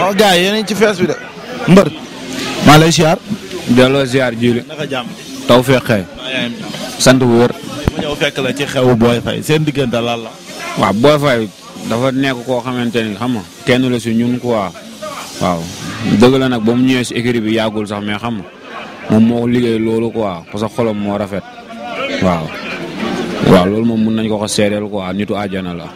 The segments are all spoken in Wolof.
sama gars yi ci fees bi de. mbër. maa lay ziar. delloo ziar jiili. naka jàmm. taw fekkee. sant bu fekk la ci xew Boy Faye seen diggante lan la. waaw Boy Faye dafa nekk koo xamante ni xam nga kenn la si ñun quoi. waaw dëgg la nag ba mu ñëwee si écurie bi yàggul sax mais xam nga moom moo liggéey loolu quoi parce que moo rafet. waaw loolu moom mun nañ ko ko seedeel quoi nitu àjjana la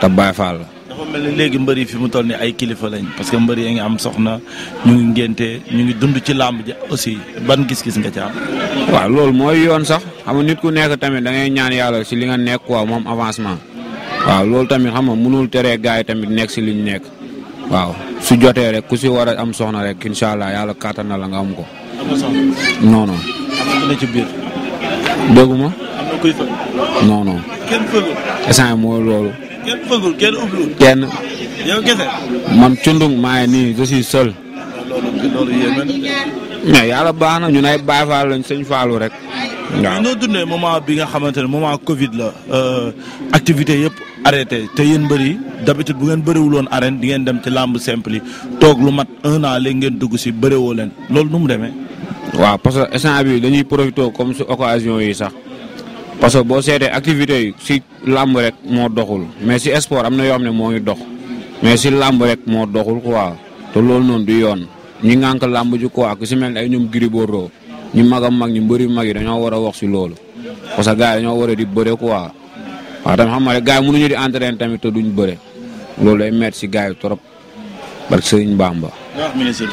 te Baay la. dafa léegi mbër yi fi mu toll ni ay kilifa lañ parce que mbër yi ngi am soxna ñu ngi ngénte ñu ngi dund ci làmb ji aussi ban gis-gis nga ci am. waaw loolu mooy yoon sax xam nit ku nekk tamit da ngay ñaan yàlla si li nga nekk quoi moom avancement waaw loolu tamit xam nga mënul teree gars yi tamit nekk si liñ nekk waaw su jotee rek ku si war a am soxna rek incha allah yàlla kàttan na la nga am ko. non non. ci biir. déggu ma. am mooy loolu. kenn fëggul man cundung maa ngi nii je suis seul. loolu yéeme na baax na ñun ay Baay Faal lañ sëñ Faalu rek. waaw noo dundee moment bi nga xamante ne moment Covid la euh, activité yëpp arrêté te yéen bëri d'habitude bu ngeen bëriwul woon arène di ngeen dem ci làmb simple yi toog lu mat un an léegi ngeen dugg si bëriwoo leen loolu nu mu demee. waaw parce que instant bi dañuy profité comme si occasion yi sax parce que boo seetee activités yi si làmb rek moo doxul mais si sport am na yoo xam ne moo ngi dox mais si làmb rek moo doxul quoi te loolu noonu di yoon ñi ngànk làmb ji quoi ku si mel ne ay ñoom Gris Bordeaux ñu mag a mag ñu mbëri mag yi dañoo war a wax si loolu parce que gars dañoo war a di bëre quoi waaw tamit xam nga rek gars yi mënuñu di entraîner tamit te duñ bëre loolu day metti si gars yi trop barke Sëriñ Bamba. ministre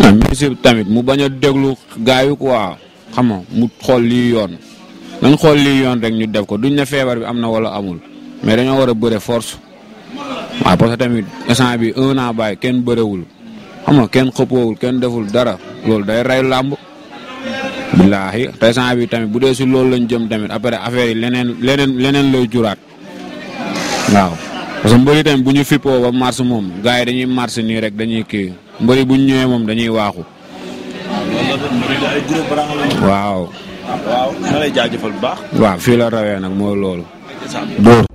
ah, ministre tamit mu bañ a déglu gars yi quoi xam nga mu xool lii yoon. nañ xool lii yoon rek ñu def ko duñ na feebar bi am na wala amul mais dañoo war a bëre force waaw parce que tamit instant bi un an kenn bërewul xam nga kenn xëppoowul kenn deful dara loolu day rey làmb billaahi te instant bi tamit bu dee si loolu lañ jëm tamit après affaire yi leneen leneen leneen lay juraat waaw parce que mbëri tamit bu ñu fippoo ba mars moom gars dañuy mars nii rek dañuy kii mbëri bu ñu moom dañuy waaxu waaw waaw na lay jaajëfal bu baax. waaw fii la rawee nag mooy loolu. dóor